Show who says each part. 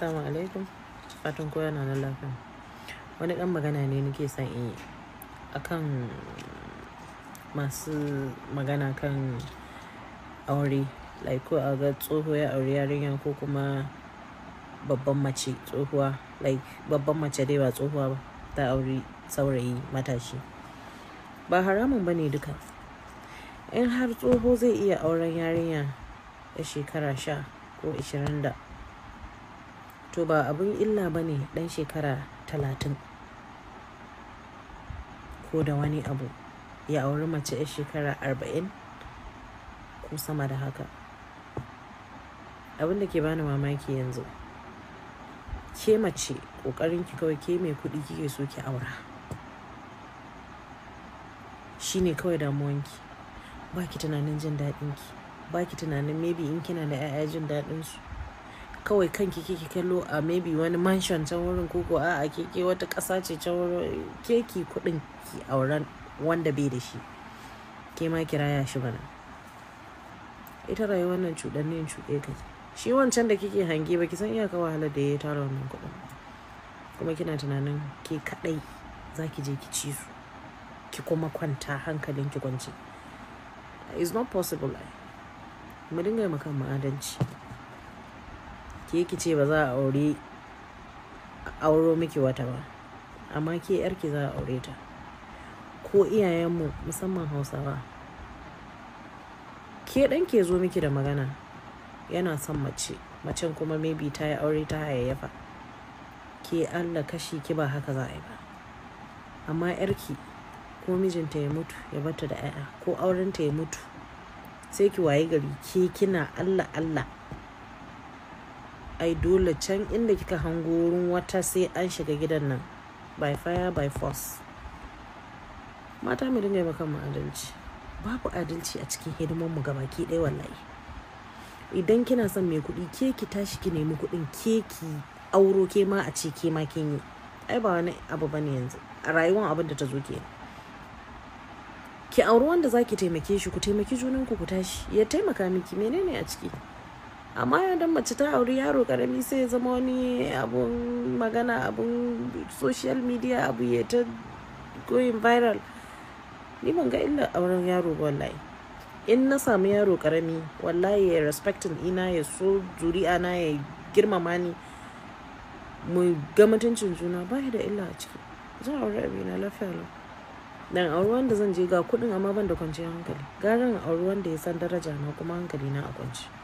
Speaker 1: assalamu alaikum fatan ko yana nan lafiya wani dan magana ne nake son in yi akan masu magana kan aure like ko a ga tsoho ya aure yarinya ko kuma babban mace tsohuwa like babban mace dai ba tsohuwa ba ta aure saurayi matashi ba haramun ba ne duka in har tsoho zai iya auren yarinya da shekara sha ko ishirin da to ba abin illa ba ne ɗan shekara talatin ko da wani abu ya auri mace 'yar shekara arba'in ko sama da haka abin da ke bani mamaki yanzu ke mace ƙoƙarin ki kawai ke mai kuɗi kike so ki aura shine kawai damuwanki ba ki tunanin jin daɗinki ba ki tunanin maybe in kina da 'ya'ya jin daɗinsu kawai kanki kike kallo a maybe wani mansion can wurin koko a a keke wata ƙasa ce can wurin keki kuɗin ki auren wanda bai da shi ke ma kiraya shi bana ita rayuwar nan ne cuɗe ka shi wancan da kike hange ba ki san iyaka halar da ya tara wannan kuɗin kuma kina tunanin ke kaɗai za ki je ki ci su ki kuma kwanta hankalin ki kwance is not possible mu dinga makan ma'adanci ke ki ce ba za a aure auro miki wata ba amma ke yarki za a aure ta ko iyayenmu musamman hausawa ke dan ke zo miki da magana yana son mace macen kuma maybe ta yi aure ta hayayyafa ke allah kashi ki ba haka za a yi ba amma yarki ko mijinta ya mutu ya bata da 'ya'ya ko aurenta ya mutu sai ki waye gari ke kina allah allah ai dole can inda kika hango wurin wata sai an shiga gidan nan by fire by force mata mu dinga maka adalci babu adalci a cikin hidimar mu gabaki ɗaya wallahi idan kina son mai kuɗi ke ki tashi ki nemi kuɗin ke ki auro ke ma a ce ke ma kin yi ai ba wani abu bane yanzu a rayuwar abin da ta zo kenan ki auro wanda zaki taimake shi ku taimaki junanku ku tashi ya taimaka miki menene a ciki amma idan mace ta auri yaro karami sai ya zama wani abun magana abun social media abu ya ta going viral ni ban ga illa auren yaro ba wallahi in na samu yaro karami wallahi ya respectin ina ya so zuri'a na ya girmama ni mu ga mutuncin juna ba da illa a ciki zan aure na lafiya dan auri wanda zan je ga kudin amma ban da kwanciyar hankali garin auri wanda ya san daraja na kuma hankali na a kwanci